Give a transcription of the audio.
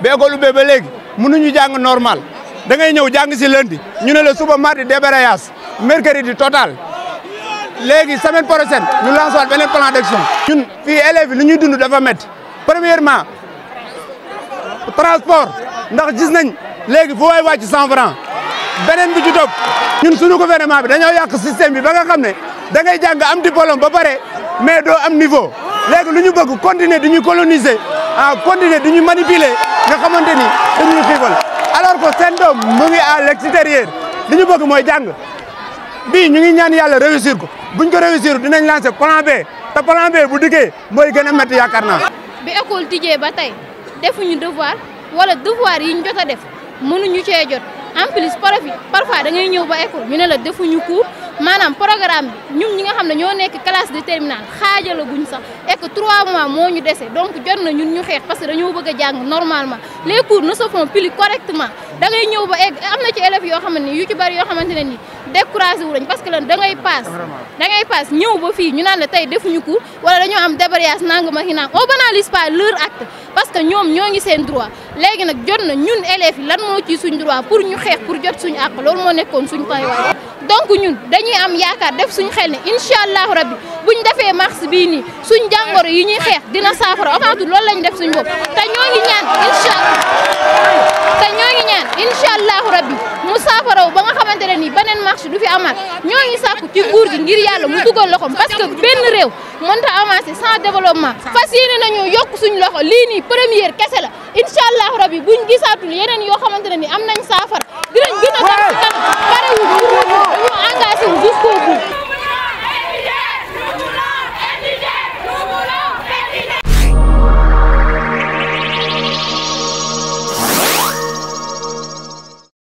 ba école ubbee ba léegi mënuñu jàng normal da ngay ñëw jàng si lundi ñu ne la suba mardi débrayage mercredi total léegi semaine prochaine ñu lancer bene beneen plan d'action. ñun fii élèves lu ñuy dund dafa métti premièrement transport ndax gis nañ léegi fu waay wàcc cent franc beneen bi ci topp ñun suñu gouvernement bi dañoo yàq système bi ba xam ne da ngay jàng am diplôme ba pare mais doo am niveau léegi lu ñu bëgg continuer du ñu coloniser ah continuer di ñu manipuler. nga xamante ni dañuy xiifal alors que seen doom mu ngi à l'extérieur li ñu bëgg mooy jàng bii ñu ngi ñaan yàlla réussir ko buñ ko réussir dinañ lancer plan B te plan B bu dikkee mooy gën a métti yaakaar naa. bi école tijjee ba tey defuñu devoir wala devoir yi ñu jot a def ñu cee jot en plus parfois da ngay ñëw ba école ñu ne la defuñu ku maanaam programme bi ñun ñi nga xam ne ñoo nekk classe de terminale xaajala guñ sax et que trois mois moo ñu dese donc jot ñun ñu xeex parce que dañoo bëgg a jàng normalement les cours ne se font plus correctement da ñëw ba egg am na ci yoo xamante ni yu ci bari yoo xamante ne ni découragé wu lañ parce que lan paas da paas ñëw ba fii ñu naan la tey defuñu cours wala dañoo am débrayage nangam ak nangam on banalise pas leur acte parce que ñoom ñoo ngi seen droit léegi nag jot na ñun lan moo pour ñu xeex pour jot suñu moo nekkoon suñ koy waaye donc dañuy am yaakaar def suñu xel ne incha allahu rabbi buñ defee bii nii suñ jàngoro yi ñuy xeex dina saafara avant tout lañ def suñ bopp te ñoo ngi ñaan incha te ba nga xamante ne nii beneen marche du fi amaat ñoo ngi sàkku ci nguur gi ngir yàlla mu dugal loxo parce que benn réew mënta avancer sans développement fas yéene nañu yokk suñ loxo lii nii première kese la incha allahu rabbi buñ gisaatul yeneen yoo xamante ne am nañ saafara